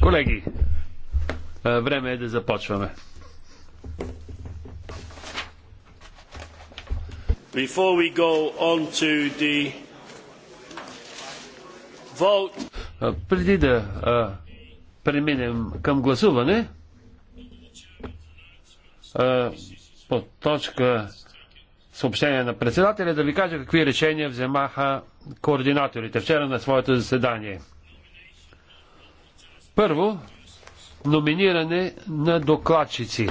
Колеги, е, време е да започваме. Е, преди да е, преминем към гласуване, по точка съобщение на председателя да ви кажа какви решения вземаха координаторите вчера на своето заседание. Първо, номиниране на докладчици.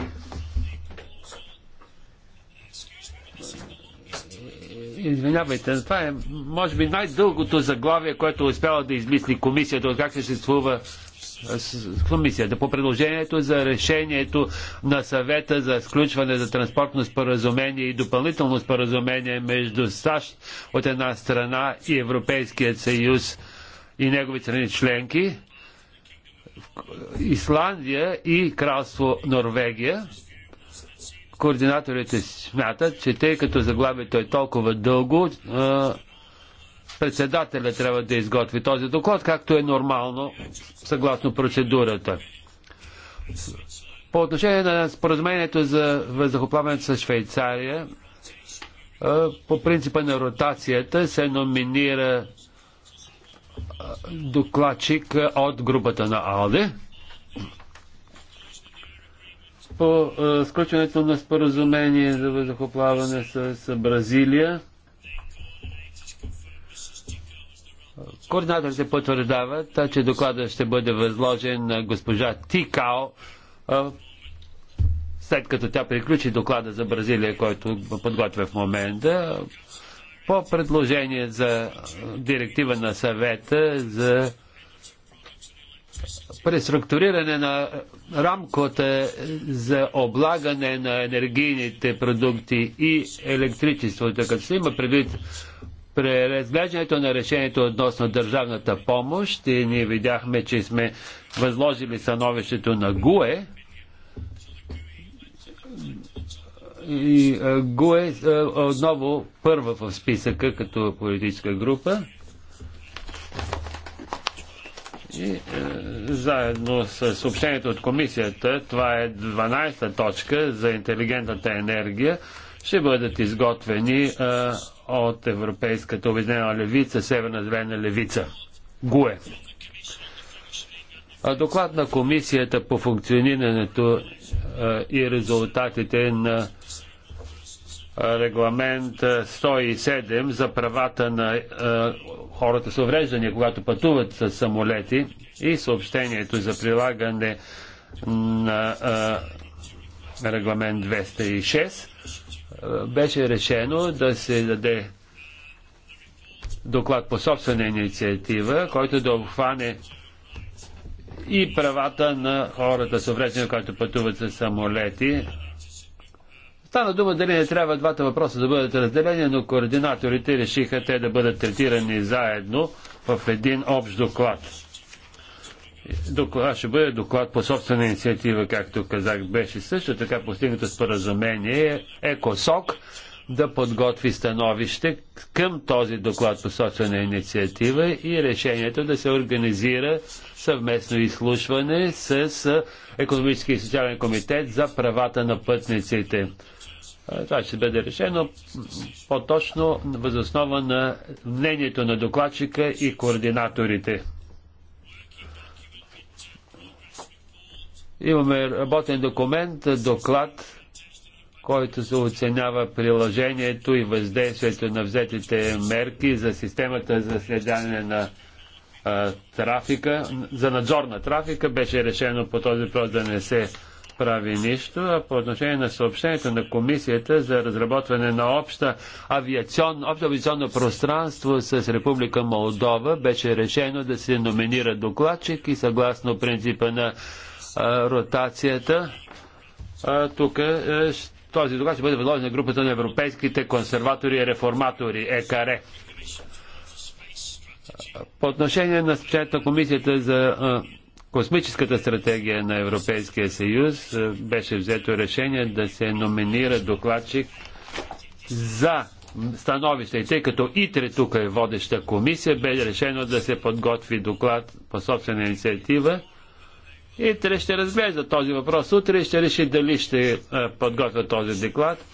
Извинявайте, това е може би най-дългото заглавие, което е успяла да измисли комисията, от как се съществува комисията по предложението за решението на съвета за сключване за транспортно споразумение и допълнително споразумение между САЩ от една страна и Европейският съюз и негови страни членки, Исландия и Кралство Норвегия. Координаторите смятат, че тъй като заглавието е толкова дълго, председателя трябва да изготви този доклад, както е нормално, съгласно процедурата. По отношение на споразумението за въздухоплаването с Швейцария, по принципа на ротацията се номинира докладчик от групата на АЛДЕ по сключването на споразумение за въздухоплаване с Бразилия. Координаторите потвърждават, че докладът ще бъде възложен на госпожа Тикао, след като тя приключи доклада за Бразилия, който подготвя в момента, по предложение за директива на съвета за преструктуриране на рамката за облагане на енергийните продукти и електричеството, като се има предвид преразглеждането на решението относно държавната помощ и ние видяхме, че сме възложили становището на ГУЕ. И ГУЕ отново първа в списъка като политическа група. И, заедно с съобщението от комисията, това е 12-та точка за интелигентната енергия, ще бъдат изготвени от Европейската обединена левица, Северна зелена левица. ГУЕ. Доклад на комисията по функционирането и резултатите на регламент 107 за правата на хората с увреждания, когато пътуват с самолети и съобщението за прилагане на регламент 206 беше решено да се даде доклад по собствена инициатива, който да обхване и правата на хората с увреждане, които пътуват с самолети. Стана дума дали не трябва двата въпроса да бъдат разделени, но координаторите решиха те да бъдат третирани заедно в един общ доклад. Доклад, ще бъде доклад по собствена инициатива, както казах, беше също така постигнато споразумение ЕКОСОК да подготви становище към този доклад по собствена инициатива и решението да се организира съвместно изслушване с Економически и социален комитет за правата на пътниците. Това ще бъде решено по-точно възоснова на мнението на докладчика и координаторите. Имаме работен документ, доклад, който се оценява приложението и въздействието на взетите мерки за системата за следяне на а, трафика, за надзор на трафика. Беше решено по този въпрос да не се прави нищо, а по отношение на съобщението на комисията за разработване на обща авиацион, общо авиационно пространство с Република Молдова беше решено да се номинира докладчик и съгласно принципа на ротацията. Тук е, този доклад ще бъде възложен на групата на европейските консерватори и реформатори, ЕКАРЕ. По отношение на на комисията за космическата стратегия на Европейския съюз беше взето решение да се номинира докладчик за становище. И тъй като ИТРЕ тук е водеща комисия, бе решено да се подготви доклад по собствена инициатива Итре ще разглежда този въпрос. Утре ще реши дали ще е, подготвя този доклад.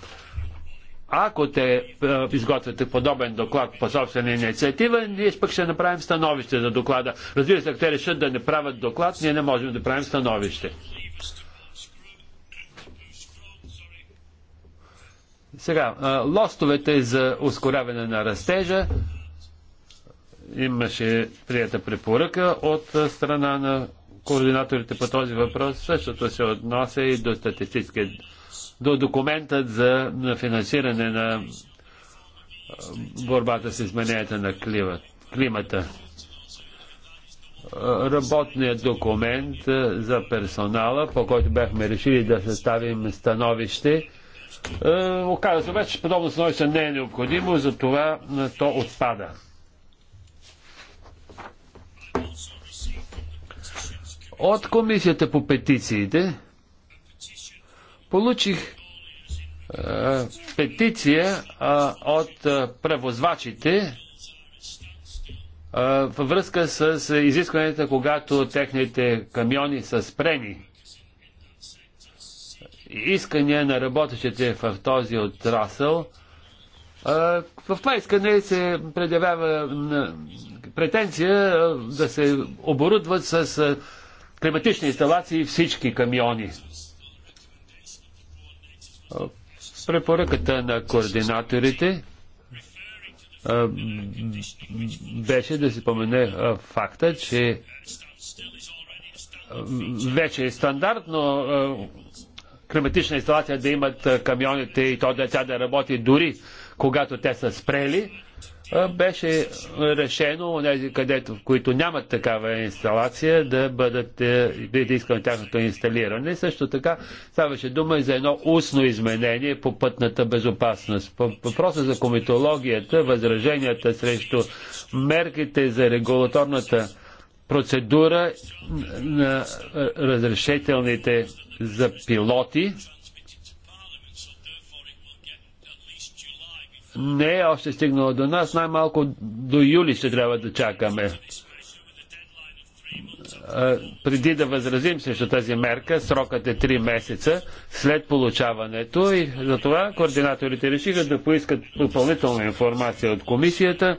Ако те е, изготвяте подобен доклад по собствена инициатива, ние пък ще направим становище за доклада. Разбира се, ако те решат да не правят доклад, ние не можем да правим становище. Сега, е, лостовете за ускоряване на растежа имаше прията препоръка от страна на координаторите по този въпрос. Същото се относя и до статистически, до документът за финансиране на борбата с измененията на климата. Работният документ за персонала, по който бяхме решили да съставим становище, оказа се че подобно становище не е необходимо, затова то отпада. От комисията по петициите получих е, петиция е, от е, превозвачите във връзка с изискванията, когато техните камиони са спрени. Искания на работещите в този отрасъл. В това искане се предявява претенция да се оборудват с климатични инсталации всички камиони. Препоръката на координаторите беше да се помене факта, че вече е стандартно климатична инсталация да имат камионите и то да тя да работи дори когато те са спрели, беше решено, онези, където, които нямат такава инсталация, да бъдат, е, да искам тяхното инсталиране. Също така ставаше дума и за едно устно изменение по пътната безопасност. По въпроса за комитологията, възраженията срещу мерките за регулаторната процедура на разрешителните за пилоти, не е още стигнало до нас, най-малко до юли ще трябва да чакаме. Преди да възразим срещу тази мерка, срокът е 3 месеца след получаването и затова координаторите решиха да поискат допълнителна информация от комисията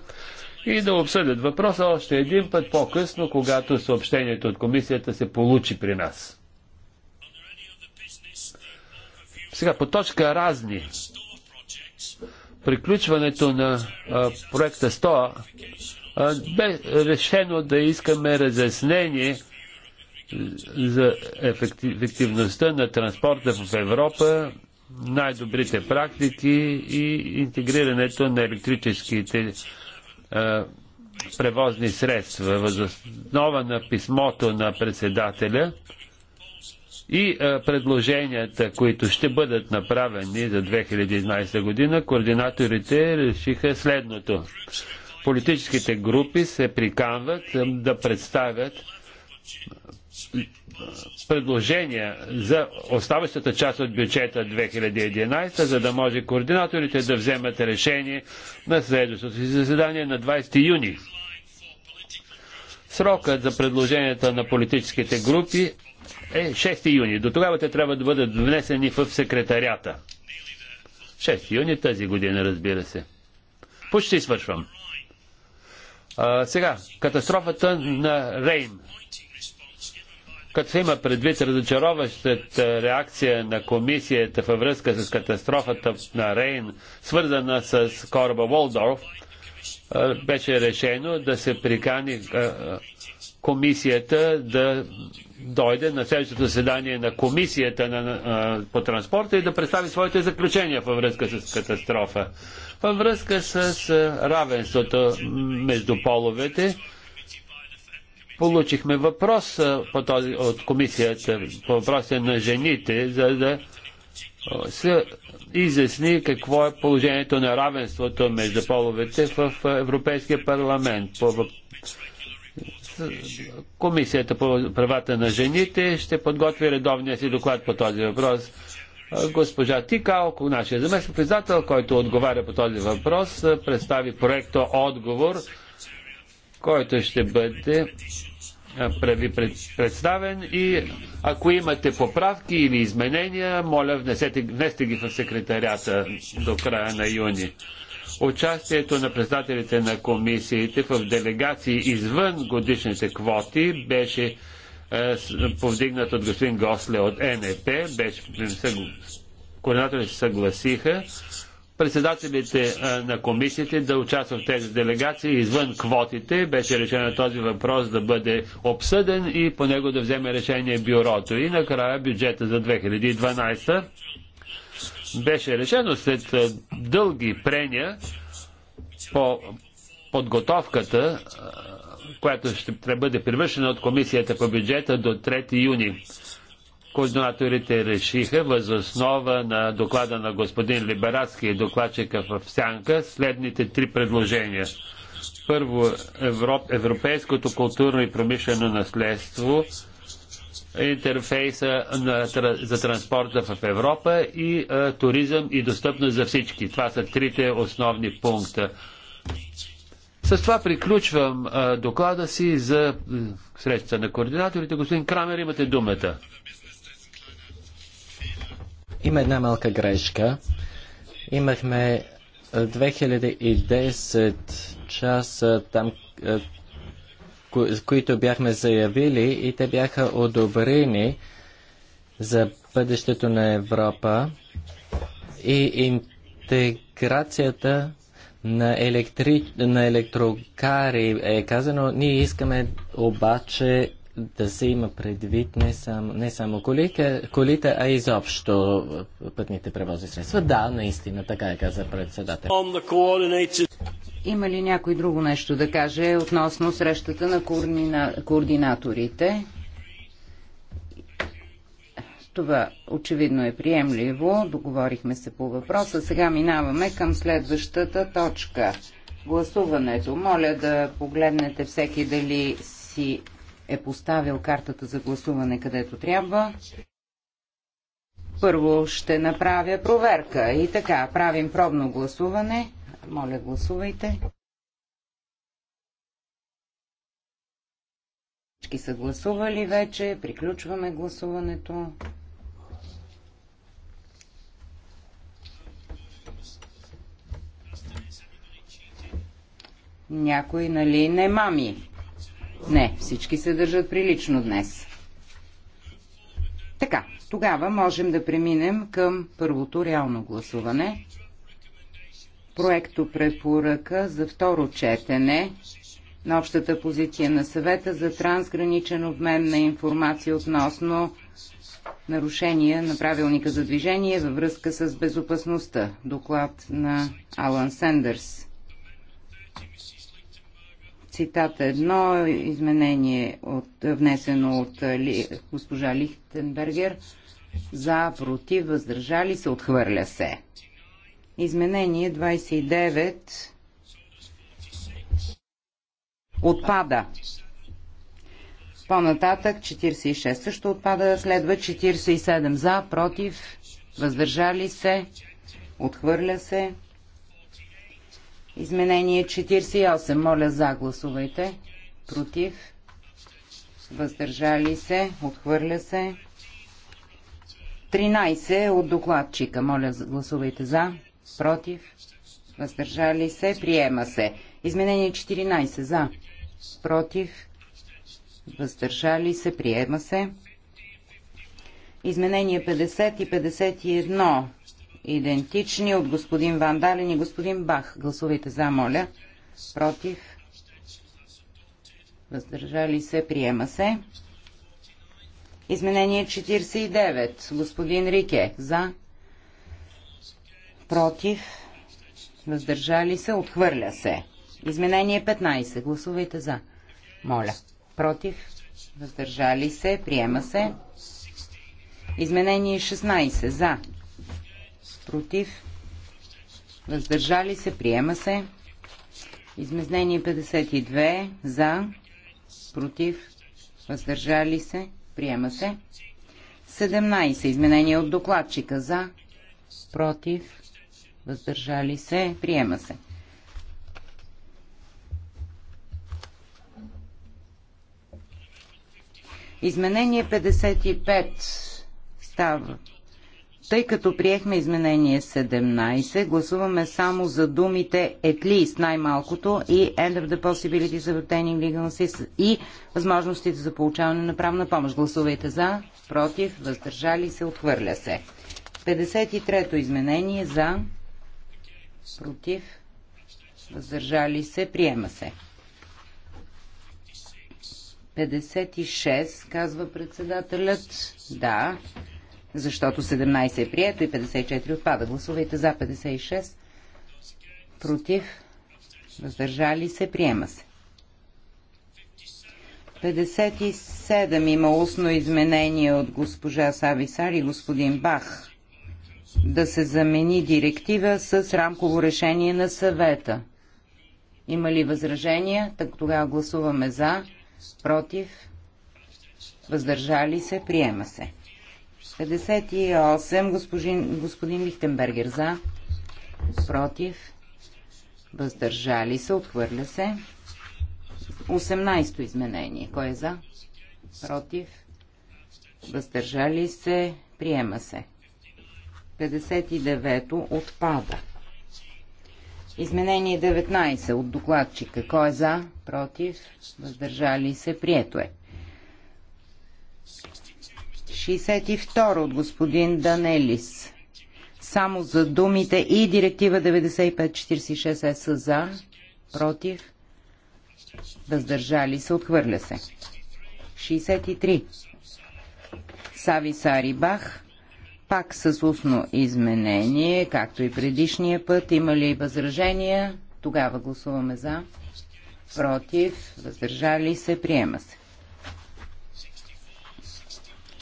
и да обсъдят въпроса още един път по-късно, когато съобщението от комисията се получи при нас. Сега по точка разни приключването на а, проекта 100 а, бе решено да искаме разяснение за ефективността на транспорта в Европа, най-добрите практики и интегрирането на електрическите а, превозни средства. Възоснова на писмото на председателя и е, предложенията, които ще бъдат направени за 2011 година, координаторите решиха следното. Политическите групи се приканват е, да представят е, предложения за оставащата част от бюджета 2011, за да може координаторите да вземат решение на следващото си заседание на 20 юни. Срокът за предложенията на политическите групи е 6 юни. До тогава те трябва да бъдат внесени в секретарята. 6 юни тази година, разбира се. Почти свършвам. А, сега, катастрофата на Рейн. Като се има предвид разочароващата реакция на комисията във връзка с катастрофата на Рейн, свързана с кораба Волдорф, беше решено да се прикани комисията да дойде на следващото заседание на комисията на, а, по транспорта и да представи своите заключения във връзка с катастрофа. Във връзка с а, равенството между половете, получихме въпрос а, по този, от комисията по въпроса на жените, за да се изясни какво е положението на равенството между половете в Европейския парламент. По Комисията по правата на жените ще подготви редовния си доклад по този въпрос. Госпожа Тикал, нашия заместник председател, който отговаря по този въпрос, представи проекта отговор, който ще бъде преди представен и ако имате поправки или изменения, моля внесете, внесете ги в секретарията до края на юни. Участието на председателите на комисиите в делегации извън годишните квоти беше е, повдигнат от господин Госле от НЕП. Беше, координаторите се съгласиха председателите е, на комисиите да участват в тези делегации извън квотите. Беше решено този въпрос да бъде обсъден и по него да вземе решение бюрото. И накрая бюджета за 2012 беше решено след дълги прения по подготовката, която ще бъде превършена от комисията по бюджета до 3 юни. Координаторите решиха възоснова на доклада на господин Либератски и докладчика в Сянка следните три предложения. Първо, Европ, европейското културно и промишлено наследство – интерфейса на, за транспорта в Европа и а, туризъм и достъпност за всички. Това са трите основни пункта. С това приключвам а, доклада си за среща на координаторите. Господин Крамер, имате думата. Има една малка грешка. Имахме 2010 часа там които бяхме заявили и те бяха одобрени за бъдещето на Европа и интеграцията на, електри... на електрокари е казано, ние искаме обаче да се има предвид не само, не само колите, колите, а изобщо пътните превозни средства. Да, наистина, така е каза председател. Има ли някой друго нещо да каже относно срещата на координа... координаторите? Това очевидно е приемливо. Договорихме се по въпроса. Сега минаваме към следващата точка. Гласуването. Моля да погледнете всеки дали си е поставил картата за гласуване където трябва. Първо ще направя проверка. И така, правим пробно гласуване. Моля, гласувайте. Всички са гласували вече. Приключваме гласуването. Някой, нали, не мами? Не, всички се държат прилично днес. Така, тогава можем да преминем към първото реално гласуване проекто препоръка за второ четене на общата позиция на съвета за трансграничен обмен на информация относно нарушения на правилника за движение във връзка с безопасността. Доклад на Алан Сендърс. Цитата едно, изменение от, внесено от ли, госпожа Лихтенбергер. За, против, въздържали се, отхвърля се. Изменение 29 отпада. По-нататък 46 също отпада. Следва 47 за, против, въздържали се, отхвърля се. Изменение 48. Моля за гласувайте. Против. Въздържали се. Отхвърля се. 13 от докладчика. Моля гласувайте за против, въздържали се, приема се. Изменение 14 за, против, въздържали се, приема се. Изменение 50 и 51 идентични от господин Вандален и господин Бах. Гласувайте за, моля. Против. Въздържали се, приема се. Изменение 49. Господин Рике. За против, въздържали се, отхвърля се. Изменение 15. Гласувайте за. Моля. Против, въздържали се, приема се. Изменение 16. За. Против, въздържали се, приема се. Изменение 52. За. Против, въздържали се, приема се. 17. Изменение от докладчика. За. Против, въздържали се, приема се. Изменение 55 става. Тъй като приехме изменение 17, гласуваме само за думите at least най-малкото и end of the Possibility за obtaining legal assistance и възможностите за получаване на правна помощ. Гласувайте за, против, въздържали се, отхвърля се. 53-то изменение за против, въздържали се, приема се. 56, казва председателят. Да, защото 17 е прието и 54 отпада. Гласувайте за 56, против, въздържали се, приема се. 57 има устно изменение от госпожа Сависар и господин Бах да се замени директива с рамково решение на съвета. Има ли възражения? Так тогава гласуваме за, против, въздържали се, приема се. 58. Господин, господин Лихтенбергер за, против, въздържали се, отхвърля се. 18 изменение. Кой е за? Против, въздържали се, приема се. 59-то отпада. Изменение 19 от докладчика. Кой е за? Против? Въздържали се? Прието е. 62 от господин Данелис. Само за думите и директива 9546 е са за, против, въздържали се, отхвърля се. 63. Сави Сари Бах пак с устно изменение, както и предишния път. Има ли възражения? Тогава гласуваме за. Против. Въздържали се. Приема се.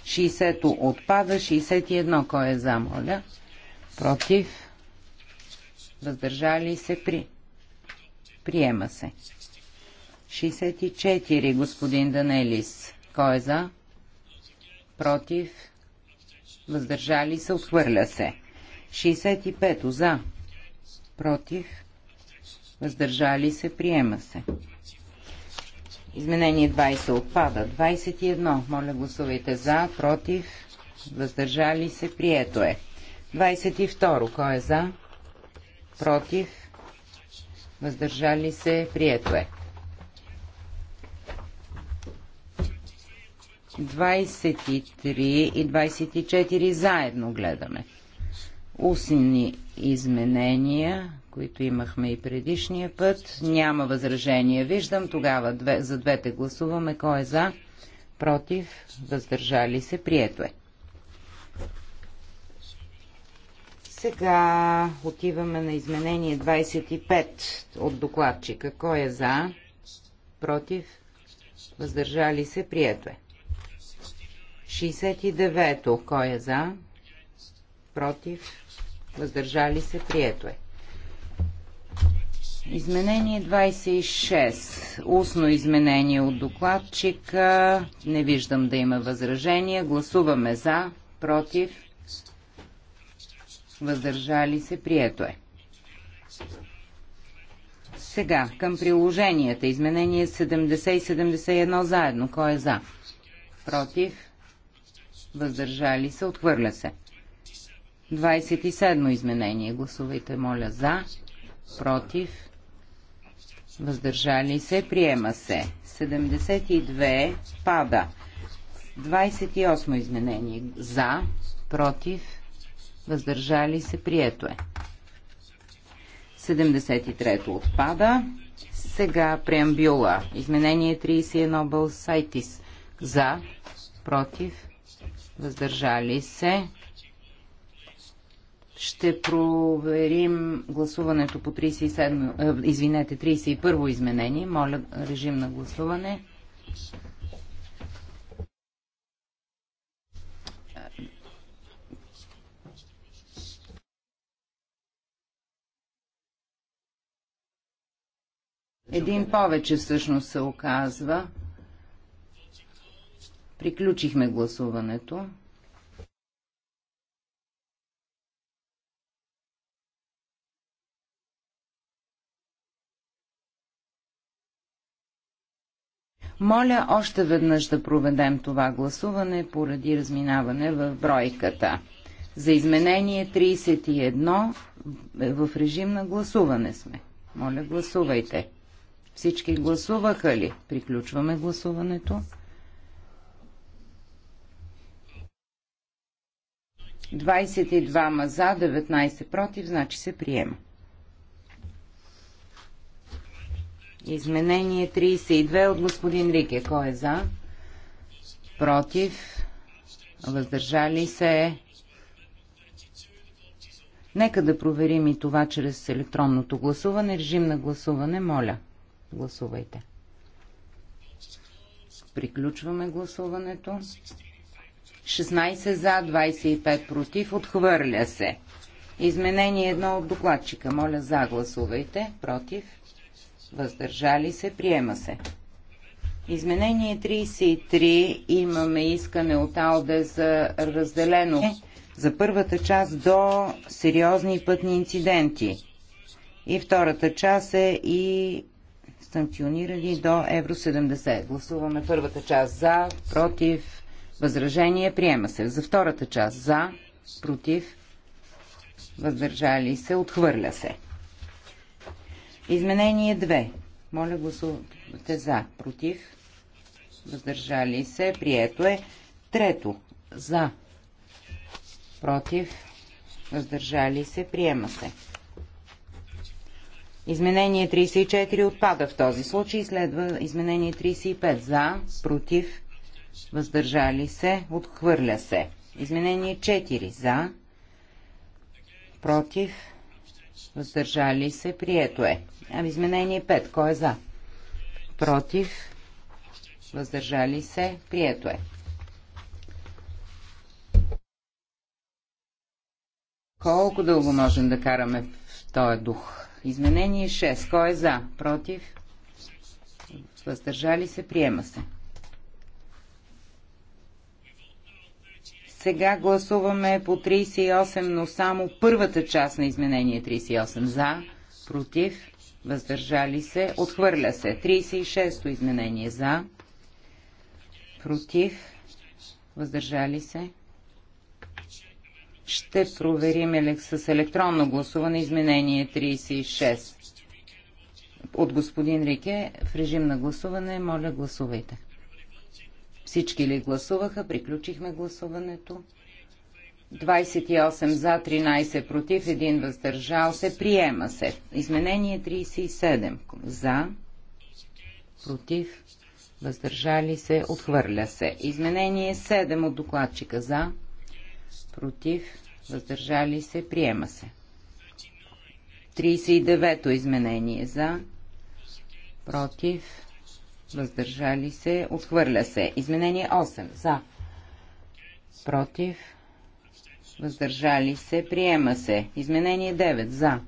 60-то отпада. 61. Кой е за, моля? Против. Въздържали се. При. Приема се. 64. Господин Данелис. Кой е за? Против въздържали се, отхвърля се. 65 за, против, въздържали се, приема се. Изменение 20 отпада. 21. Моля гласувайте за, против, въздържали се, прието е. 22. Кой е за? Против, въздържали се, прието е. 23 и 24 заедно гледаме. Устни изменения, които имахме и предишния път. Няма възражение. Виждам тогава две, за двете гласуваме. Кой е за? Против? Въздържали се? Прието е. Сега отиваме на изменение 25 от докладчика. Кой е за? Против? Въздържали се? Прието е. 69-то. Кой е за? Против? Въздържали се? Прието е. Изменение 26. Устно изменение от докладчика. Не виждам да има възражения. Гласуваме за, против, въздържали се, прието е. Сега, към приложенията. Изменение 70 и 71 заедно. Кой е за? Против? въздържали се, отхвърля се. 27 изменение. Гласувайте, моля, за, против, въздържали се, приема се. 72 пада. 28 изменение. За, против, въздържали се, прието е. 73 отпада. Сега преамбюла. Изменение 31 Бълсайтис. За, против, въздържали се. Ще проверим гласуването по 37, е, извинете, 31 изменение. Моля, режим на гласуване. Един повече всъщност се оказва. Приключихме гласуването. Моля още веднъж да проведем това гласуване поради разминаване в бройката. За изменение 31 в режим на гласуване сме. Моля, гласувайте. Всички гласуваха ли? Приключваме гласуването. 22 за, 19 против, значи се приема. Изменение 32 от господин Рике. Кой е за? Против? Въздържали се? Нека да проверим и това чрез електронното гласуване. Режим на гласуване, моля. Гласувайте. Приключваме гласуването. 16 за, 25 против, отхвърля се. Изменение едно от докладчика. Моля, загласувайте. Против. Въздържали се. Приема се. Изменение 33. Имаме искане от АЛДЕ за разделено за първата част до сериозни пътни инциденти. И втората част е и санкционирани до Евро 70. Гласуваме първата част за, против, Възражение приема се. За втората част за, против, въздържали се, отхвърля се. Изменение 2. Моля гласувате за, против, въздържали се, прието е. Трето, за, против, въздържали се, приема се. Изменение 34 отпада в този случай. Следва изменение 35 за, против, въздържали се, отхвърля се. Изменение 4 за, против, въздържали се, прието е. А изменение 5, кой е за? Против, въздържали се, прието е. Колко дълго можем да караме в този дух? Изменение 6. Кой е за? Против? Въздържали се? Приема се. Сега гласуваме по 38, но само първата част на изменение 38. За, против, въздържали се, отхвърля се. 36-то изменение за, против, въздържали се. Ще проверим с електронно гласуване изменение 36. От господин Рике в режим на гласуване, моля гласувайте. Всички ли гласуваха? Приключихме гласуването. 28 за, 13 против, 1 въздържал се. Приема се. Изменение 37. За, против, въздържали се, отхвърля се. Изменение 7 от докладчика. За, против, въздържали се, приема се. 39 изменение. За, против, въздържали се, отхвърля се. Изменение 8 за, против, въздържали се, приема се. Изменение 9 за,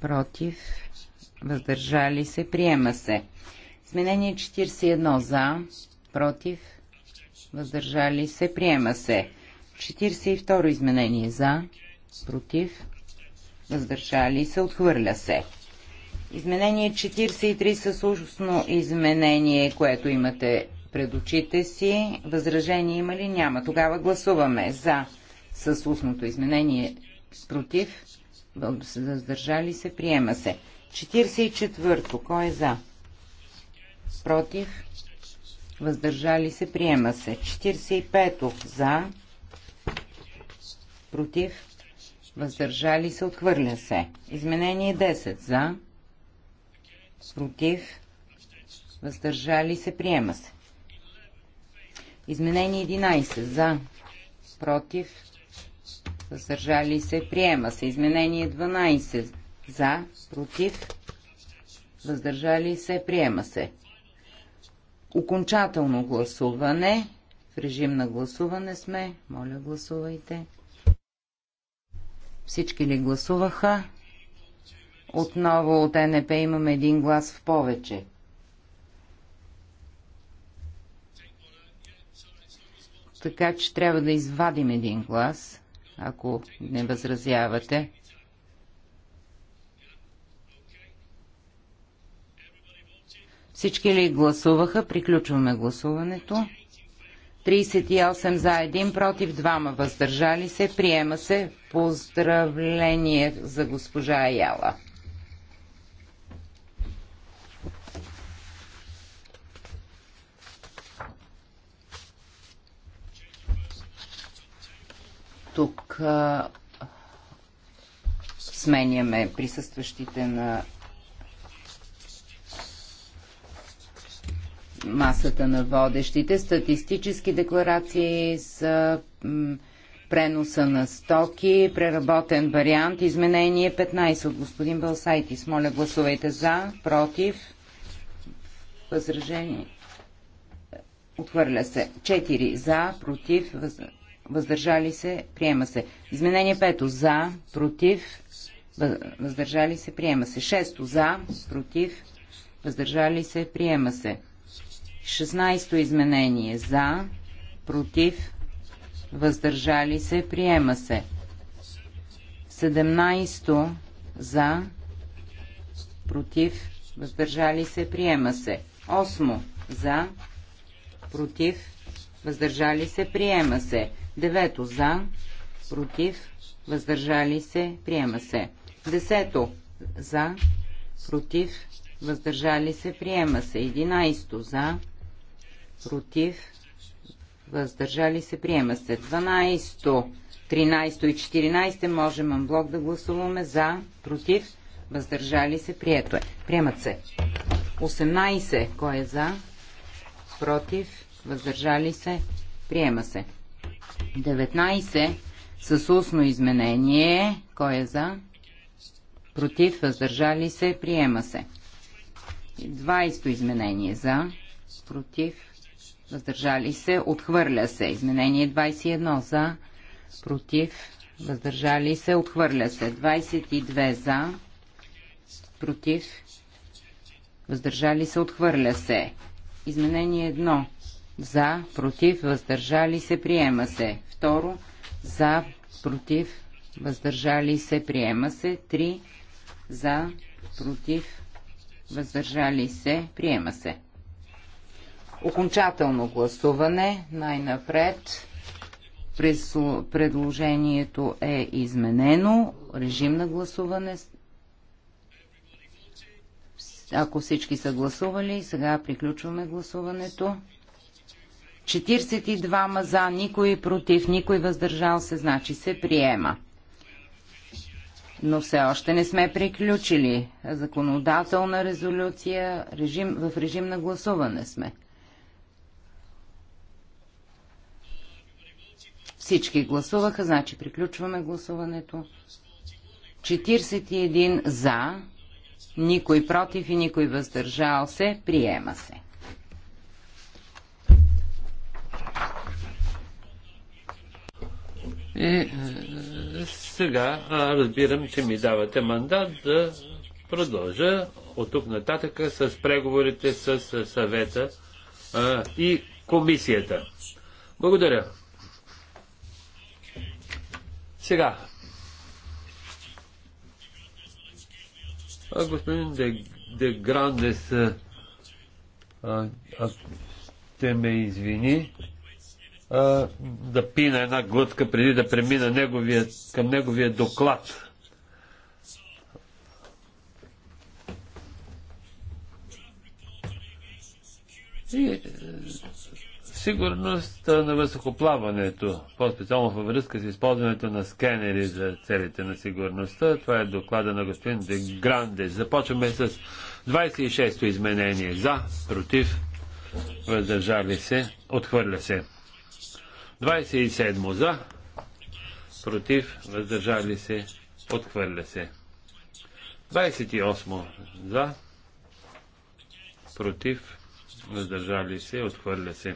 против, въздържали се, приема се. Изменение 41 за, против, въздържали се, приема се. 42 изменение за, против, въздържали се, отхвърля се. Изменение 43 със сложностно изменение, което имате пред очите си. Възражение има ли? Няма. Тогава гласуваме за със устното изменение против. Въздържали се. Приема се. 44 Кой е за? Против. Въздържали се. Приема се. 45-то. За. Против. Въздържали се. Отхвърля се. Изменение 10. За против, въздържали се, приема се. Изменение 11 за, против, въздържали се, приема се. Изменение 12 за, против, въздържали се, приема се. Окончателно гласуване. В режим на гласуване сме. Моля, гласувайте. Всички ли гласуваха? Отново от НП имаме един глас в повече. Така че трябва да извадим един глас, ако не възразявате. Всички ли гласуваха? Приключваме гласуването. 38 за 1, против 2 въздържали се. Приема се поздравление за госпожа Яла. Тук а, сменяме присъстващите на масата на водещите. Статистически декларации за преноса на стоки, преработен вариант, изменение 15 от господин Балсайтис. Моля, гласувайте за, против, възражение. Отхвърля се. 4 за, против, възражение въздържали се, приема се. Изменение 5 за, против, въздържали се, приема се. 6 за, против, въздържали се, приема се. 16 изменение за, против, въздържали се, приема се. 17 за, против, въздържали се, приема се. 8 за, против, въздържали се, приема се. Девето за, против, въздържали се, приема се. Десето за, против, въздържали се, приема се. Единайсто за, против, въздържали се, приема се. Дванайсто, тринайсто и четиринайсте можем блок да гласуваме за, против, въздържали се, прието е. Приемат се. 18. Кой е за? Против? Въздържали се? Приема се. 19 с устно изменение. Кой е за? Против, въздържали се, приема се. 20 изменение за, против, въздържали се, отхвърля се. Изменение 21 за, против, въздържали се, отхвърля се. 22 за, против, въздържали се, отхвърля се. Изменение 1 за, против, въздържали се, приема се. Второ, за, против, въздържали се, приема се. Три, за, против, въздържали се, приема се. Окончателно гласуване, най-напред. Предложението е изменено. Режим на гласуване. Ако всички са гласували, сега приключваме гласуването. 42 за, никой против, никой въздържал се, значи се приема. Но все още не сме приключили. Законодателна резолюция, режим, в режим на гласуване сме. Всички гласуваха, значи приключваме гласуването. 41 за, никой против и никой въздържал се, приема се. И е, сега разбирам, че ми давате мандат да продължа от тук нататък с преговорите с съвета а, и комисията. Благодаря. Сега. А, господин Де, Де Грандес, а, а, те ме извини. Да да пина една глътка преди да премина неговия, към неговия доклад. И е, сигурност на въздухоплаването, по-специално във връзка с използването на скенери за целите на сигурността. Това е доклада на господин Де Гранде. Започваме с 26-то изменение. За, против, въздържали се, отхвърля се. 27 за, против, въздържали се, отхвърля се. 28 за, против, въздържали се, отхвърля се.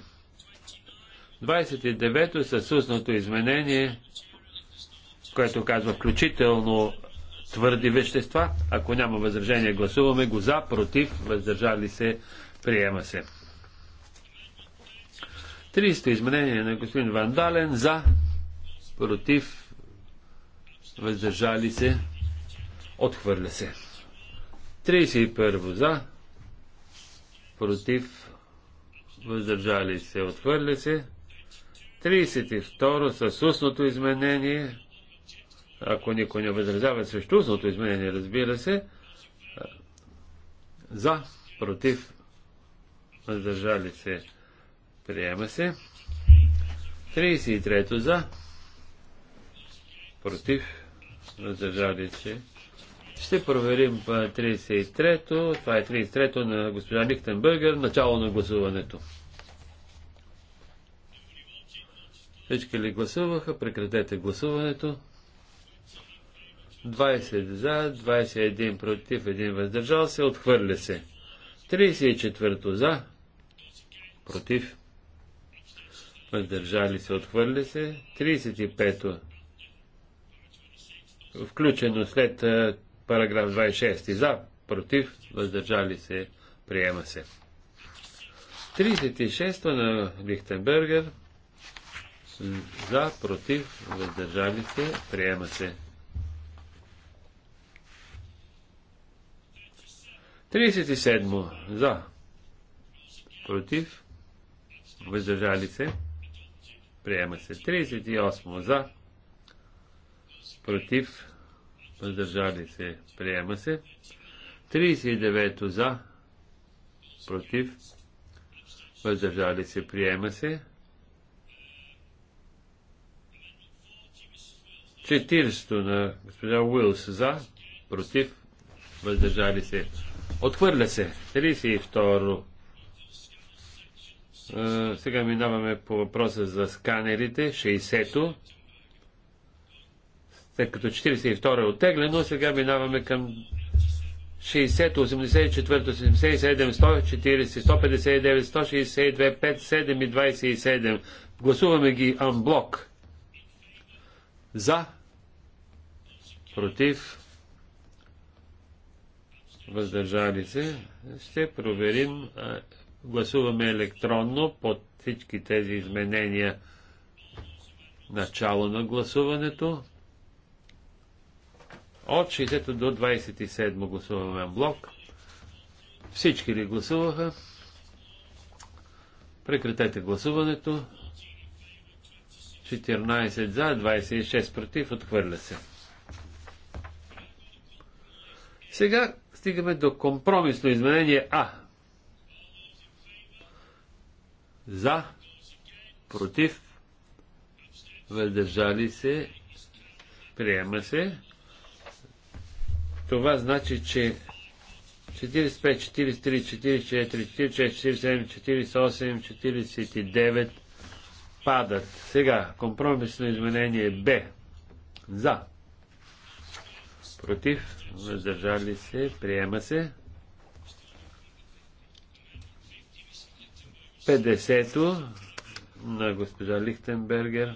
29 със устното изменение, което казва включително твърди вещества. Ако няма възражение, гласуваме го за, против, въздържали се, приема се. 300 изменения на господин Вандален за, против, въздържали се, отхвърля се. 31 за, против, въздържали се, отхвърля се. 32 с устното изменение, ако никой не възразява срещу устното изменение, разбира се, за, против, въздържали се, Приема се. 33-то за. Против. Въздържали се. Ще проверим 33-то. Това е 33-то на госпожа Лихтенбъргер. Начало на гласуването. Всички ли гласуваха? Прекратете гласуването. 20 за, 21 против, 1 въздържал се, отхвърля се. 34 за, против, въздържали се, отхвърля се. 35-то, включено след параграф 26 за, против, въздържали се, приема се. 36-то на Лихтенбергер за, против, въздържали се, приема се. 37 за, против, въздържали се. Приема се 38 за. Против. Въздържали се. Приема се. 39 за. Против. Въздържали се. Приема се. 40 на госпожа Уилс за. Против. Въздържали се. Отхвърля се. 32 е, сега минаваме по въпроса за сканерите, 60-то. След като 42 е оттеглено, сега минаваме към 60, 84, 77, 140, 159, 162, 5, 7 и 27. Гласуваме ги анблок. За. Против. Въздържали се. Ще проверим Гласуваме електронно под всички тези изменения. Начало на гласуването. От 60 до 27 гласуваме блок. Всички ли гласуваха? Прекратете гласуването. 14 за, 26 против, отхвърля се. Сега стигаме до компромисно изменение А. За, против, въздържали се, приема се. Това значи, че 45, 43, 44, 44, 47, 48, 49 падат. Сега, компромисно изменение Б. За. Против. Въздържали се. Приема се. 50-то на госпожа Лихтенбергер.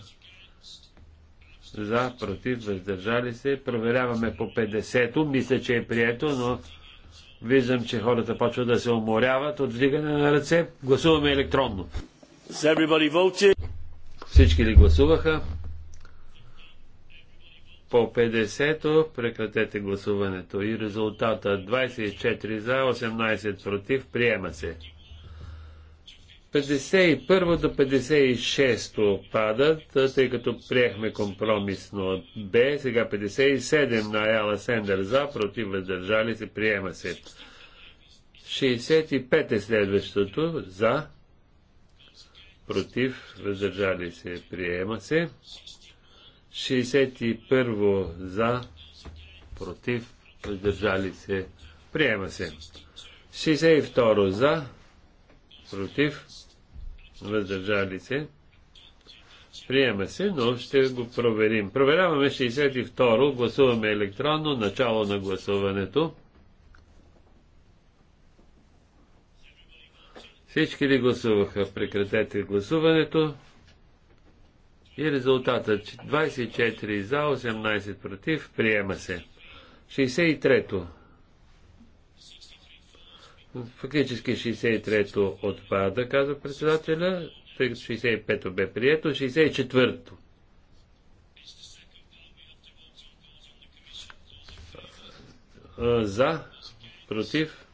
За, против, въздържали се. Проверяваме по 50-то. Мисля, че е прието, но виждам, че хората почват да се уморяват от вдигане на ръце. Гласуваме електронно. Всички ли гласуваха? по 50-то, прекратете гласуването и резултата 24 за, 18 против, приема се. 51 до 56 падат, тъй като приехме компромисно Б, сега 57 на Ела Сендер за, против въздържали се, приема се. 65 е следващото, за, против въздържали се, приема се. 61 за, против въздържали се, приема се. 62 за, против въздържали се. Приема се, но ще го проверим. Проверяваме 62-ро, гласуваме електронно, начало на гласуването. Всички ли гласуваха? Прекратете гласуването. И резултатът 24 за, 18 против, приема се. 63-то. Фактически 63-то отпада, каза председателя, тъй като 65-то бе прието, 64-то. За, против,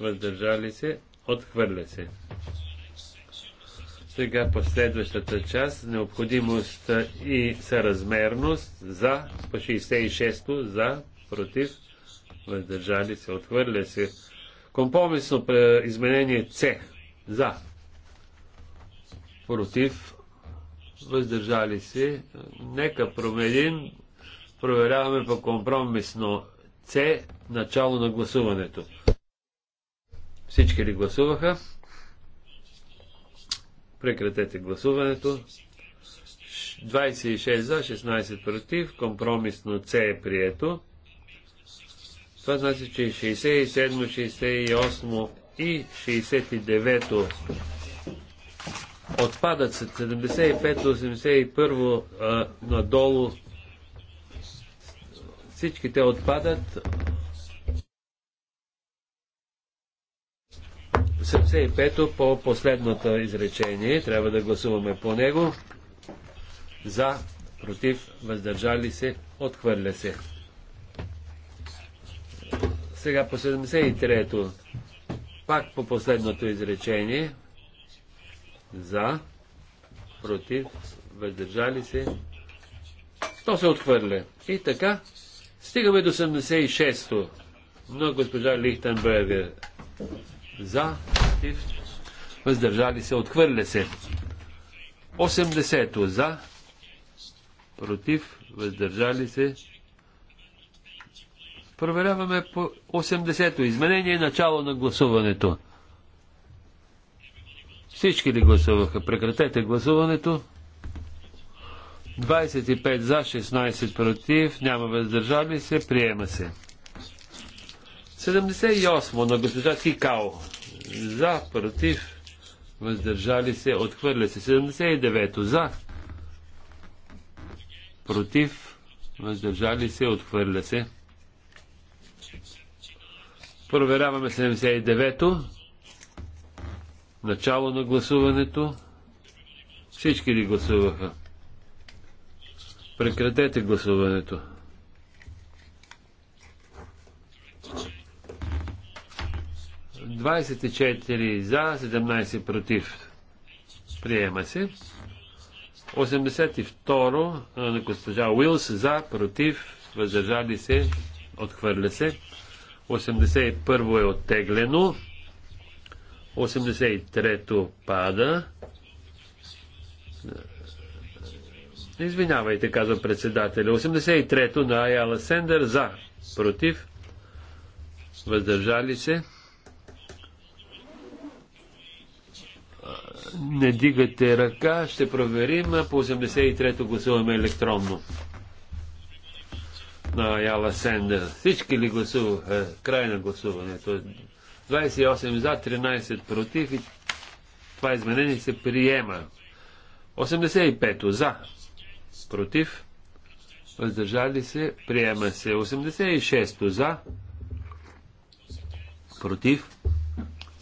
въздържали се, отхвърля се. Сега последващата част, необходимост и съразмерност, за, по 66-то, за, против, въздържали се, отхвърля се. Компромисно изменение С. За. Против. Въздържали се. Нека променим. Проверяваме по компромисно С. Начало на гласуването. Всички ли гласуваха? Прекратете гласуването. 26 за, 16 против. Компромисно С е прието. Това значи, че 67, 68 и 69 отпадат се 75 81 надолу. Всички те отпадат. 75-то по последното изречение. Трябва да гласуваме по него. За, против, въздържали се, отхвърля се. Сега по 73-то, пак по последното изречение, за, против, въздържали се, то се отхвърля. И така, стигаме до 76-то на госпожа Лихтенбергер. За, против, въздържали се, отхвърля се. 80-то за, против, въздържали се, Проверяваме по 80-то изменение, начало на гласуването. Всички ли гласуваха? Прекратете гласуването. 25 за, 16 против, няма въздържали се, приема се. 78 на госпожа Хикао. За, против, въздържали се, отхвърля се. 79 за, против, въздържали се, отхвърля се. Проверяваме 79-то. Начало на гласуването. Всички ли гласуваха? Прекратете гласуването. Двадесет и четири за, 17 против. Приема се. 82 на госпожа Уилс за, против, въздържали се, отхвърля се. 81 е оттеглено. 83-то пада. Извинявайте, казва председателя. 83-то на Аяла Сендер за, против, въздържали се. Не дигате ръка, ще проверим. По 83-то гласуваме електронно на Яла Сендер. Всички ли гласуваха? Край на гласуването. 28 за, 13 против и това изменение се приема. 85 за, против, въздържали се, приема се. 86 за, против,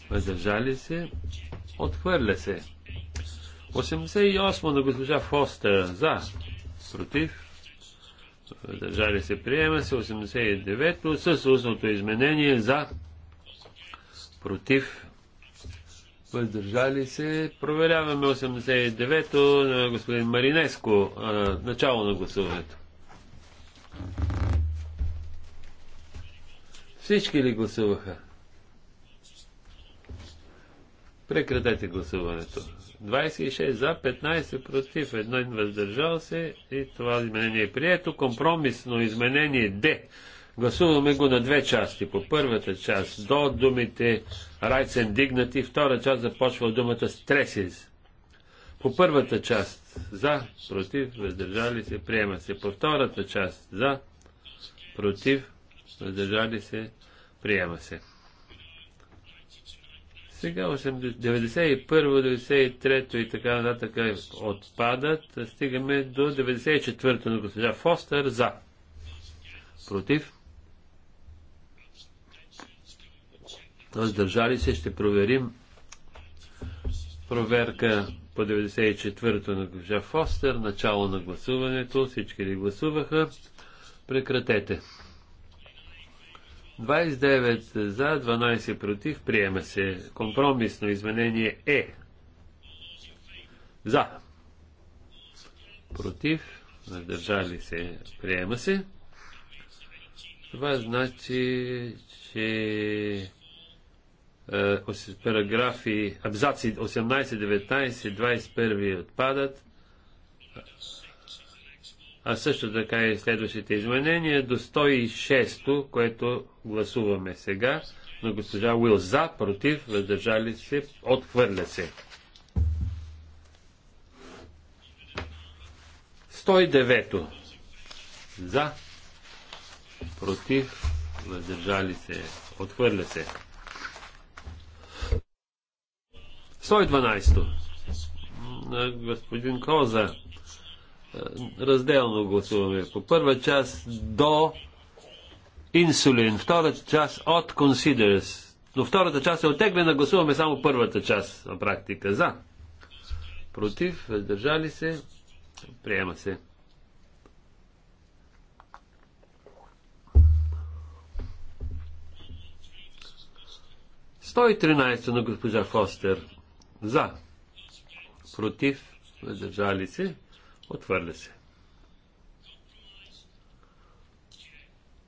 въздържали се, отхвърля се. 88 на госпожа Фостер за, против, държали се, приема се 89-то с устното изменение за, против, въздържали се. Проверяваме 89-то на господин Маринеско, начало на гласуването. Всички ли гласуваха? Прекратете гласуването. 26 за, 15 против, 1 въздържал се и това изменение е прието. Компромисно изменение Д. Гласуваме го на две части. По първата част до думите Райцен Дигнати, втора част започва думата Стресис. По първата част за, против, въздържали се, приема се. По втората част за, против, въздържали се, приема се. Сега 91-93 и така нататък отпадат. Стигаме до 94 та на госпожа Фостер за. Против. Въздържали се, ще проверим проверка по 94-то на госпожа Фостер, начало на гласуването, всички ли гласуваха, прекратете. 29 за, 12 против. Приема се. Компромисно изменение Е. За. Против. Въздържали се. Приема се. Това значи, че е, параграфи, абзаци 18, 19, 21 отпадат а също така и следващите изменения до 106-то, което гласуваме сега на госпожа Уил за, против, въздържали се, отхвърля се. 109-то за, против, въздържали се, отхвърля се. 112-то на господин Коза Разделно гласуваме. По първа част до инсулин, втора част от considers. Но втората част е отеглена, гласуваме само първата част на практика. За. Против, въздържали се, приема се. Сто и на госпожа Фостер. За. Против, въздържали се, Отвърля се.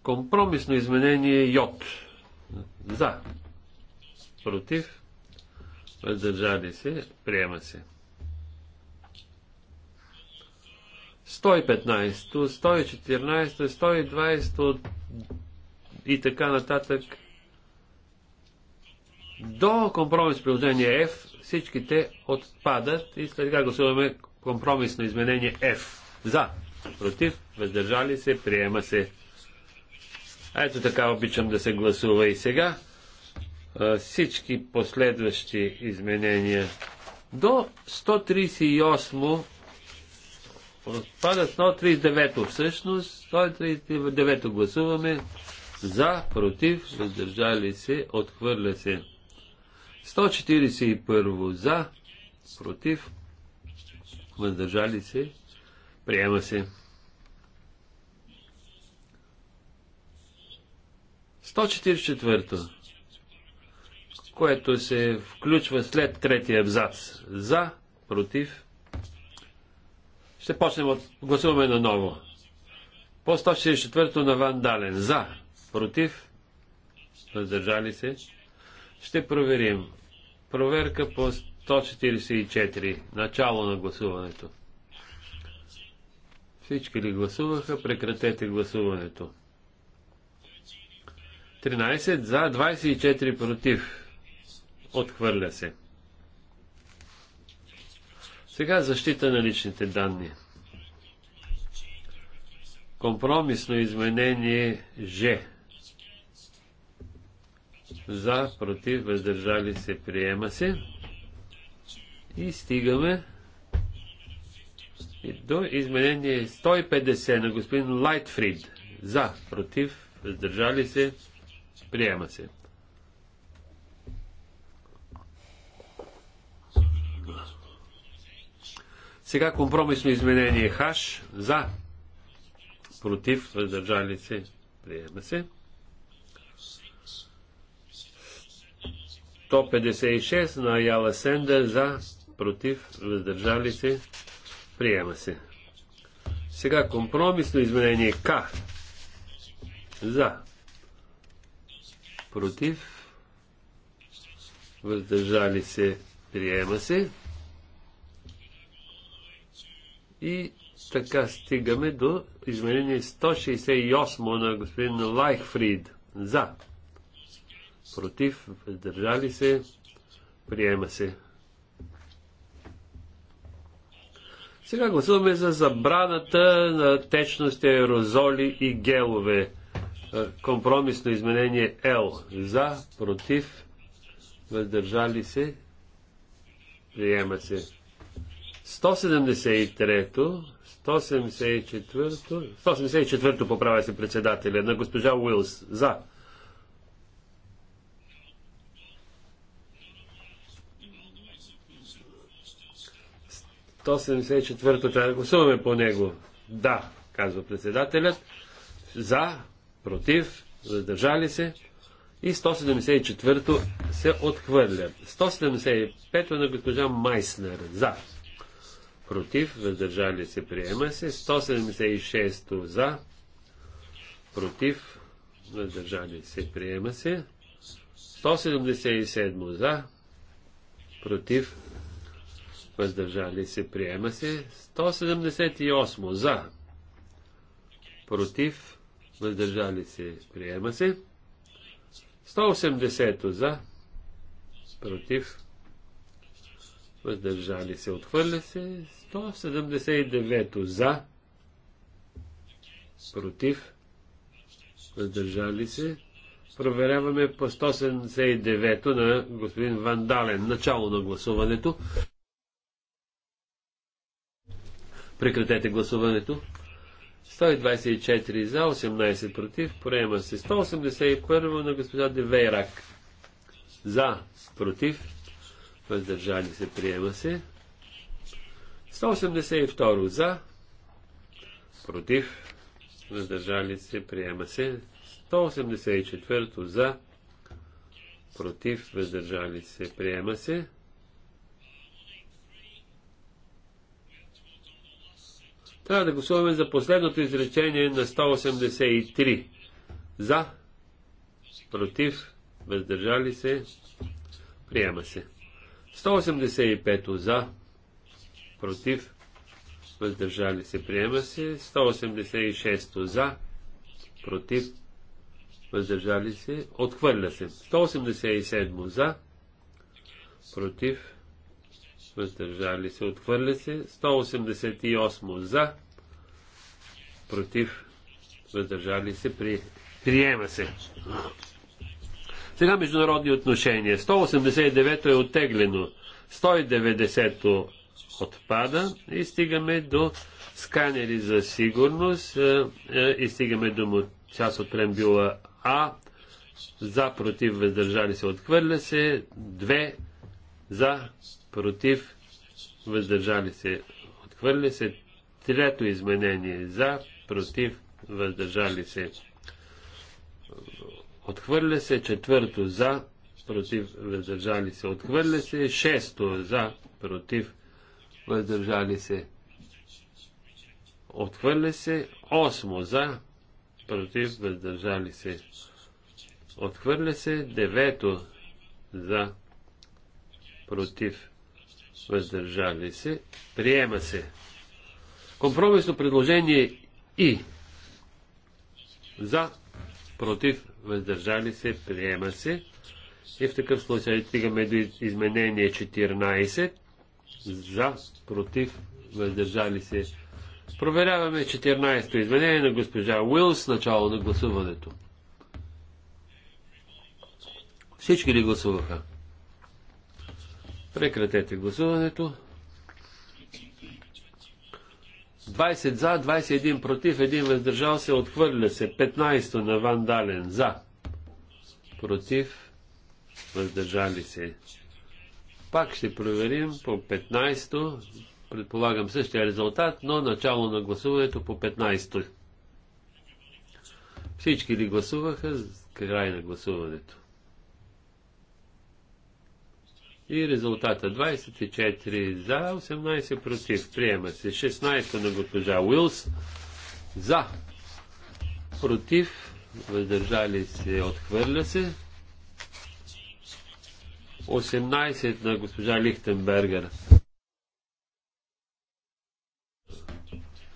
Компромисно изменение йод. За. Против. Въздържали се. Приема се. 115, 114, 120 и така нататък. До компромис приложение F всичките отпадат и след това гласуваме Компромисно изменение F. За. Против. Въздържали се. Приема се. ето така обичам да се гласува и сега. Всички последващи изменения до 138 Отпада 139 всъщност. 139 гласуваме. За, против, въздържали се, отхвърля се. 141 за, против, въздържали се, приема се. 144, което се включва след третия абзац. За, против. Ще почнем от... Гласуваме наново. По 144 на Ван Дален. За, против. Въздържали се. Ще проверим. Проверка по 144. Начало на гласуването. Всички ли гласуваха? Прекратете гласуването. 13 за, 24 против. Отхвърля се. Сега защита на личните данни. Компромисно изменение Ж. За, против, въздържали се, приема се. И стигаме до изменение 150 на господин Лайтфрид. За, против, въздържали се, приема се. Сега компромисно изменение хаш за, против, въздържали се, приема се. 156 на Яла Сенда за, против, въздържали се, приема се. Сега компромисно изменение К. За. Против. Въздържали се. Приема се. И така стигаме до изменение 168 на господин Лайхфрид. За. Против. Въздържали се. Приема се. Сега гласуваме за забраната на течности, аерозоли и гелове. Е, компромисно изменение L. За, против, въздържали се, приема се. 173-то, 174-то, 174-то поправя се председателя на госпожа Уилс. За. 174-то трябва да гласуваме по него. Да, казва председателят. За, против, задържали се. И 174-то се отхвърля. 175-то на госпожа Майснер. За. Против, въздържали се, приема се. 176-то за. Против, въздържали се, приема се. 177 за. Против, въздържали се, приема се. 178 за, против, въздържали се, приема се. 180 за, против, въздържали се, отхвърля се. 179 за, против, въздържали се. Проверяваме по 179 на господин Вандален. Начало на гласуването. Прекратете гласуването. 124 за, 18 против. Приема се 181 на госпожа Девейрак. За, против. Въздържали се. Приема се. 182 за, против. Въздържали се. Приема се. 184 за, против. Въздържали се. Приема се. Трябва да гласуваме за последното изречение на 183. За, против, въздържали се, приема се. 185 за, против, въздържали се, приема се. 186 за, против, въздържали се, отхвърля се. 187 за, против, въздържали се, отхвърля се. 188 за, против, въздържали се, при... приема се. Сега международни отношения. 189 е оттеглено. 190 отпада и стигаме до сканери за сигурност е, е, и стигаме до част от прембюла А. За, против, въздържали се, отхвърля се. Две. За, против, въздържали се, отхвърля се. Трето изменение. За, против, въздържали се. Отхвърля се. Четвърто. За, против, въздържали се. Отхвърля се. Шесто. За, против, въздържали се. Отхвърля се. Осмо. За, против, въздържали се. Отхвърля се. Девето. За, против, въздържали се, приема се. Компромисно предложение И. За, против, въздържали се, приема се. И в такъв случай стигаме до изменение 14. За, против, въздържали се. Проверяваме 14-то изменение на госпожа Уилс, начало на гласуването. Всички ли гласуваха? Прекратете гласуването. 20 за, 21 против, 1 въздържал се, отхвърля се. 15 на Вандален за, против, въздържали се. Пак ще проверим по 15-то. Предполагам същия резултат, но начало на гласуването по 15-то. Всички ли гласуваха? Край на гласуването. И резултата 24 за, 18 против. Приема се 16 на госпожа Уилс за, против, въздържали се, отхвърля се. 18 на госпожа Лихтенбергер.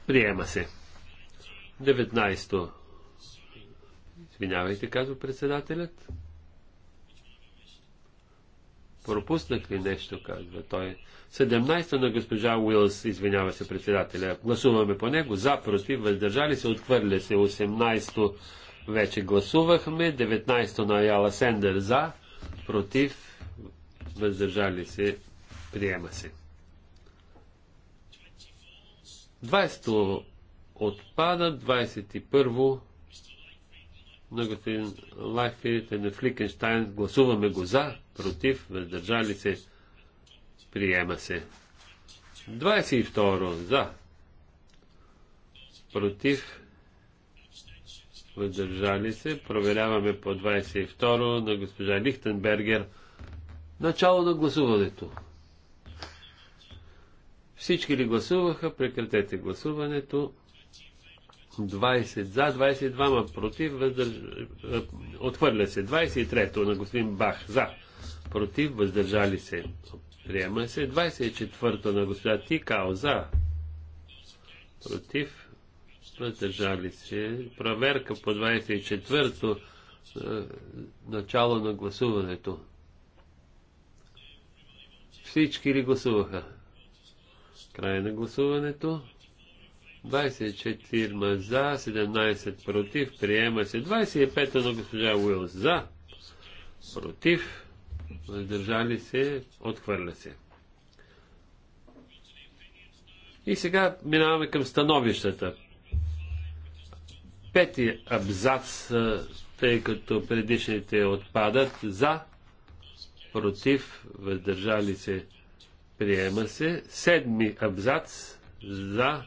Приема се. 19. Извинявайте, казва председателят. Пропуснах ли нещо, казва той. 17 на госпожа Уилс, извинява се председателя. Гласуваме по него. За, против, въздържали се, отхвърля се. 18-то вече гласувахме. 19-то на Яла Сендер за, против, въздържали се, приема се. 20-то отпада, 21 то на господин Лайфилит и на Фликенштайн. Гласуваме го за, против, въздържали се, приема се. 22 за, против, въздържали се. Проверяваме по 22 на госпожа Лихтенбергер. Начало на гласуването. Всички ли гласуваха? Прекратете гласуването. 20 за, 22 против, въздърж... Е, отхвърля се. 23-то на господин Бах за, против, въздържали се. Приема се. 24-то на госпожа Тикао за, против, въздържали се. Проверка по 24-то е, начало на гласуването. Всички ли гласуваха? Край на гласуването. 24 за, 17 против, приема се. 25 на госпожа Уилс за, против, въздържали се, отхвърля се. И сега минаваме към становищата. Пети абзац, тъй като предишните отпадат за, против, въздържали се, приема се. Седми абзац за,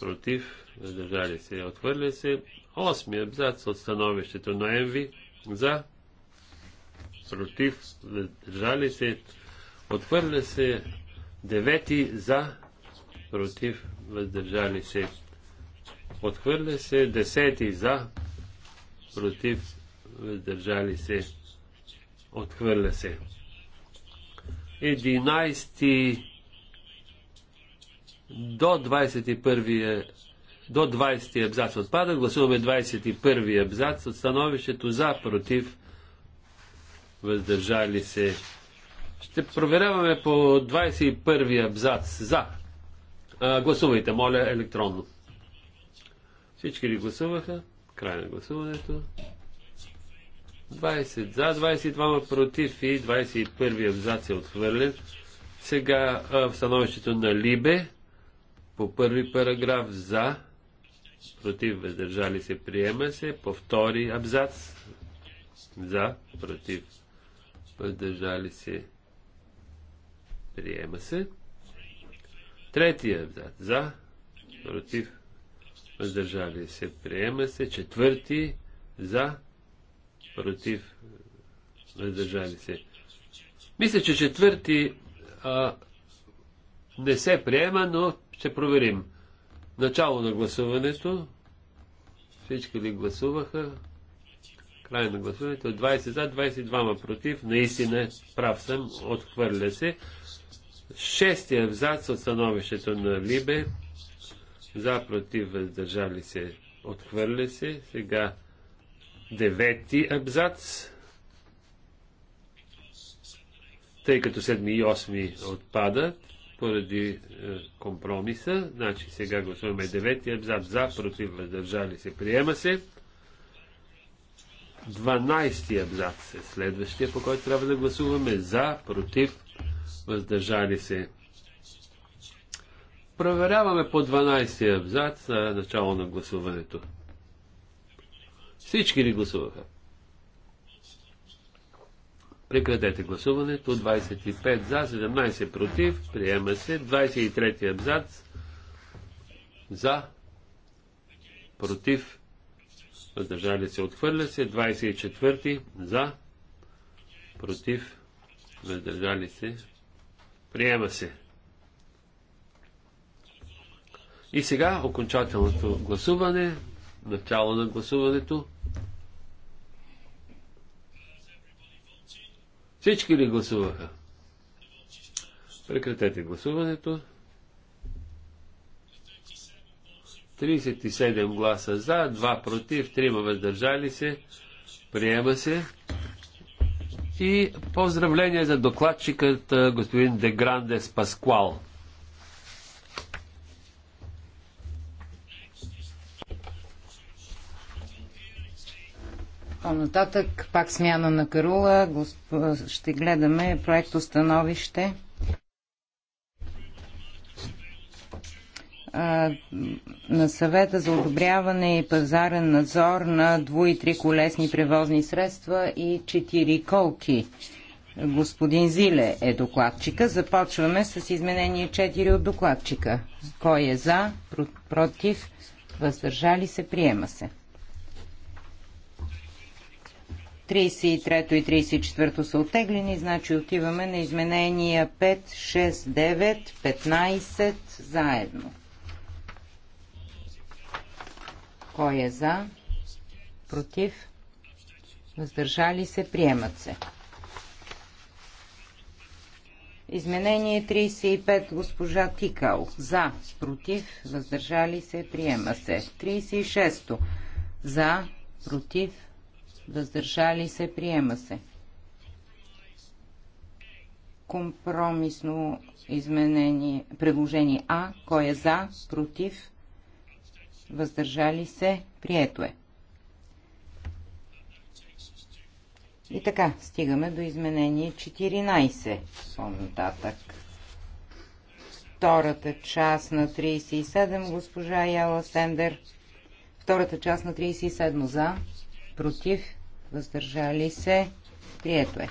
против, въздържали се, отхвърля се. Осми абзац от становището на ЕМВИ за, против, въздържали се, отхвърля се. Девети за, против, въздържали се. Отхвърля се. Десети за, против, въздържали се. Отхвърля се. Единайсти до 21 до 20 абзац отпада. Гласуваме 21 абзац от становището за, против, въздържали се. Ще проверяваме по 21 абзац за. А, гласувайте, моля, електронно. Всички ли гласуваха? Край на гласуването. 20 за, 22 против и 21 абзац е отхвърлен. Сега в становището на Либе по първи параграф за, против, въздържали се, приема се. По втори абзац за, против, въздържали се, приема се. Третия абзац за, против, въздържали се, приема се. Четвърти за, против, въздържали се. Мисля, че четвърти а, не се приема, но ще проверим. Начало на гласуването. Всички ли гласуваха? Край на гласуването. 20 за, 22 против. Наистина прав съм. Отхвърля се. Шестия абзац от становището на Либе. За, против, въздържали се. Отхвърля се. Сега девети абзац. Тъй като седми и осми отпадат, поради е, компромиса. Значи сега гласуваме 9 абзац за, против, въздържали се, приема се. 12 абзац е следващия, по който трябва да гласуваме за, против, въздържали се. Проверяваме по 12 абзац на начало на гласуването. Всички ли гласуваха? Прекратете гласуването. 25 за, 17 против. Приема се. 23 абзац. За. Против. Въздържали се. Отхвърля се. 24 за. Против. Въздържали се. Приема се. И сега окончателното гласуване. Начало на гласуването. Всички ли гласуваха? Прекратете гласуването. 37 гласа за, 2 против, 3 въздържали се. Приема се. И поздравление за докладчикът господин Деграндес Спасквал. По-нататък, пак смяна на Карула, ще гледаме проекто становище. на съвета за одобряване и пазарен надзор на дво и три колесни превозни средства и четири колки. Господин Зиле е докладчика. Започваме с изменение 4 от докладчика. Кой е за, против, въздържали се, приема се. 33 и 34 са оттеглени, значи отиваме на изменения 5, 6, 9, 15 заедно. Кой е за? Против? Въздържали се? Приемат се. Изменение 35. Госпожа Тикал. За. Против. Въздържали се. Приема се. 36. За. Против въздържали се, приема се. Компромисно изменение, предложение А, кой е за, против, въздържали се, прието е. И така, стигаме до изменение 14 по-нататък. Втората част на 37, госпожа Яла Сендер. Втората част на 37 за, против, въздържали се, прието е.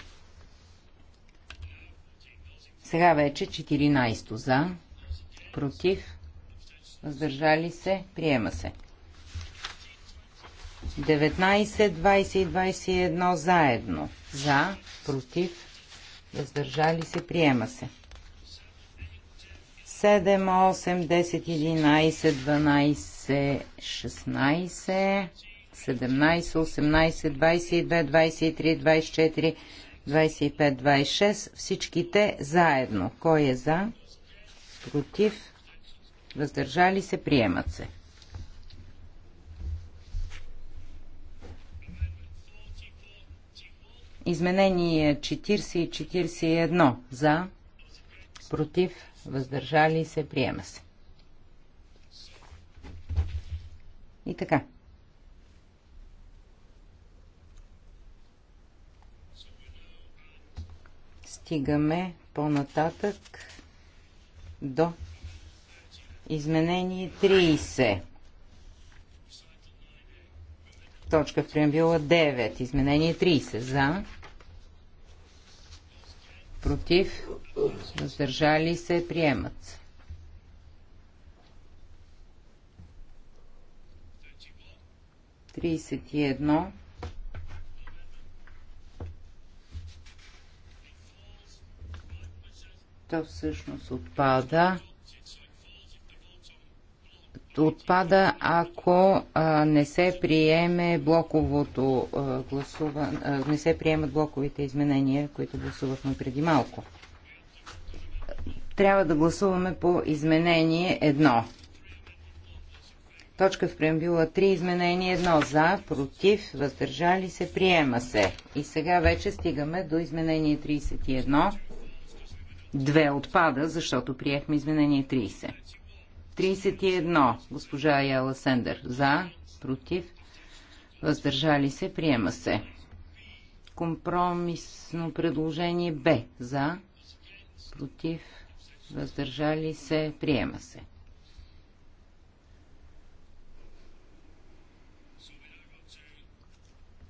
Сега вече 14 за, против, въздържали се, приема се. 19, 20 21 заедно. За, против, въздържали се, приема се. 7, 8, 10, 11, 12, 16, 17, 18, 22, 23, 24, 25, 26. Всичките заедно. Кой е за? Против? Въздържали се? Приемат се. Изменение 40 41 за, против, въздържали се, приема се. И така. стигаме по-нататък до изменение 30. Точка в преамбюла 9. Изменение 30. За. Против. Въздържали се. Приемат. Тридесет и едно. Така всъщност отпада. Отпада, ако а, не се приеме блоковото а, гласуване, а, не се приемат блоковите изменения, които гласувахме преди малко. Трябва да гласуваме по изменение 1. Точка в преамбюла 3, изменение 1 за, против, въздържали се, приема се. И сега вече стигаме до изменение 31. Две отпада, защото приехме изменение 30. 31. Госпожа Яла Сендер. За, против, въздържали се, приема се. Компромисно предложение Б. За, против, въздържали се, приема се.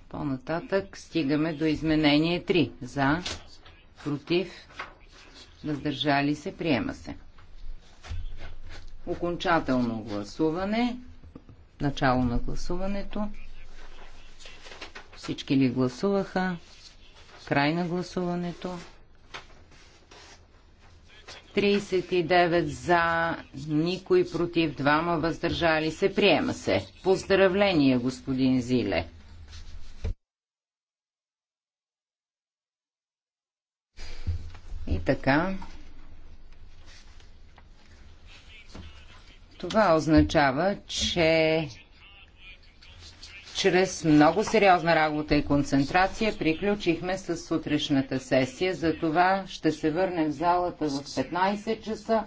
По-нататък стигаме до изменение 3. За, против, въздържали се, приема се. Окончателно гласуване, начало на гласуването. Всички ли гласуваха? Край на гласуването. 39 за, никой против, двама въздържали се. Приема се. Поздравление, господин Зиле. И така, това означава, че чрез много сериозна работа и концентрация приключихме с сутрешната сесия. За това ще се върнем в залата в 15 часа,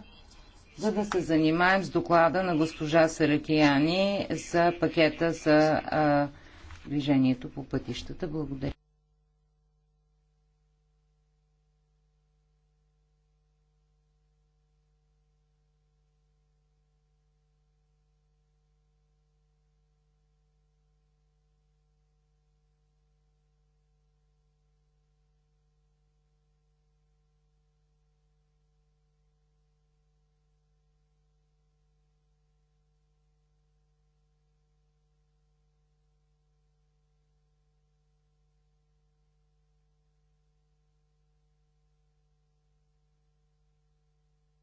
за да се занимаем с доклада на госпожа Саракияни за пакета за а, движението по пътищата. Благодаря.